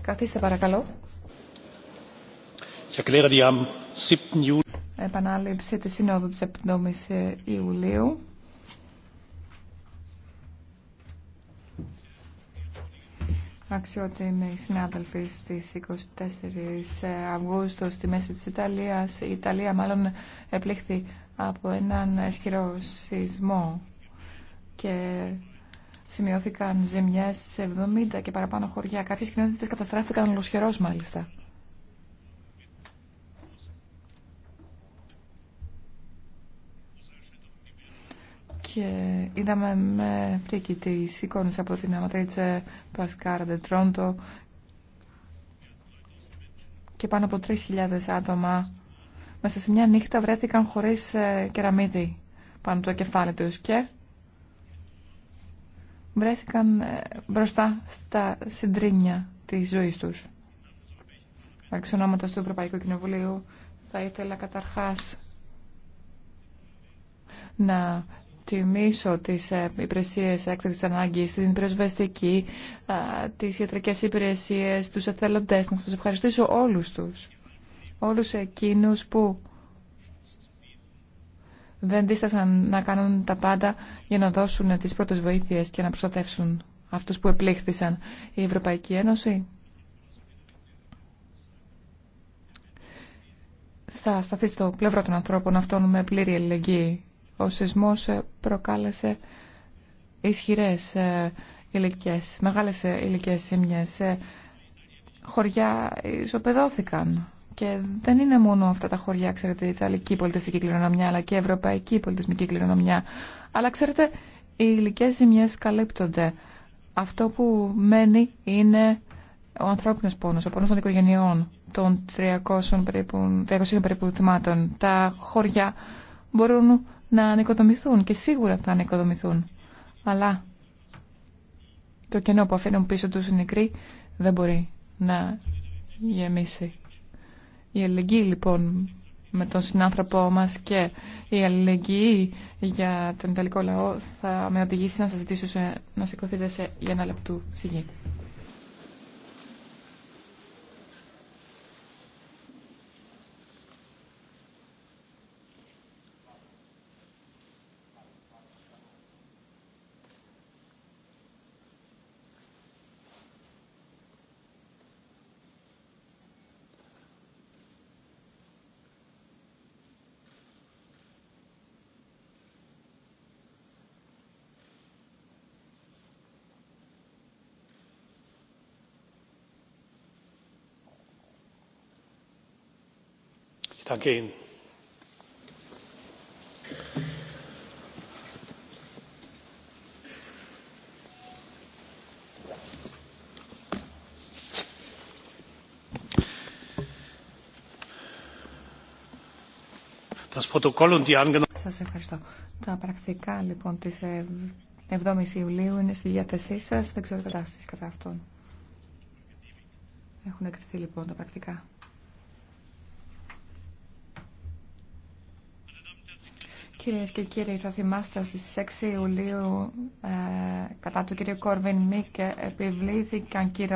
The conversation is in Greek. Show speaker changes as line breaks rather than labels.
Καθίστε παρακαλώ. Ich Επανάληψη της Συνόδου της 7ης ε, Ιουλίου. Αξιότιμοι συνάδελφοι στις 24 ε, Αυγούστου στη μέση της Ιταλίας. Η Ιταλία μάλλον επλήχθη από έναν ισχυρό σεισμό και Σημειώθηκαν ζημιές σε 70 και παραπάνω χωριά. Κάποιες κοινότητες καταστράφηκαν ολοσχερός μάλιστα. και είδαμε με φρίκη τις εικόνες από την Αματρίτσε, Πασκάρα, Τρόντο και πάνω από 3.000 άτομα μέσα σε μια νύχτα βρέθηκαν χωρίς ε, κεραμίδι πάνω το κεφάλι τους και βρέθηκαν ε, μπροστά στα συντρίμια της ζωή τους. Εξ ονόματο του Ευρωπαϊκού Κοινοβουλίου θα ήθελα καταρχάς να τιμήσω τις ε, υπηρεσίε έκτακτη ανάγκη, την πρεσβεστική, τις ιατρικέ υπηρεσίε, τους εθελοντές, να σας ευχαριστήσω όλους τους. Όλους εκείνους που δεν δίστασαν να κάνουν τα πάντα για να δώσουν τις πρώτες βοήθειες και να προστατεύσουν αυτούς που επλήχθησαν η Ευρωπαϊκή Ένωση. Θα σταθεί στο πλευρό των ανθρώπων αυτών με πλήρη ελληνική. Ο σεισμός ε, προκάλεσε ισχυρές ε, ηλικές, μεγάλες ε, ηλικές ζημιές. Χωριά ισοπεδώθηκαν και δεν είναι μόνο αυτά τα χωριά, ξέρετε, η Ιταλική πολιτιστική κληρονομιά, αλλά και η Ευρωπαϊκή πολιτισμική κληρονομιά. Αλλά ξέρετε, οι υλικέ ζημιέ καλύπτονται. Αυτό που μένει είναι ο ανθρώπινο πόνο, ο πόνο των οικογενειών, των 300 περίπου, 300 περίπου θυμάτων. Τα χωριά μπορούν να ανοικοδομηθούν και σίγουρα θα ανοικοδομηθούν. Αλλά το κενό που αφήνουν πίσω τους οι νεκροί δεν μπορεί να γεμίσει. Η αλληλεγγύη λοιπόν με τον συνάνθρωπό μας και η αλληλεγγύη για τον Ιταλικό λαό θα με οδηγήσει να σας ζητήσω σε, να σηκωθείτε σε, για ένα λεπτού σιγή. danke Σας ευχαριστώ. Τα πρακτικά λοιπόν της 7 η Ιουλίου είναι στη διάθεσή σα Δεν ξέρω κατά αυτόν. Έχουν εκριθεί λοιπόν τα πρακτικά. Κυρίες και κύριοι, θα θυμάστε ότι στις 6 Ιουλίου ε, κατά του κ. Κόρβιν Μίκε επιβλήθηκαν κύριο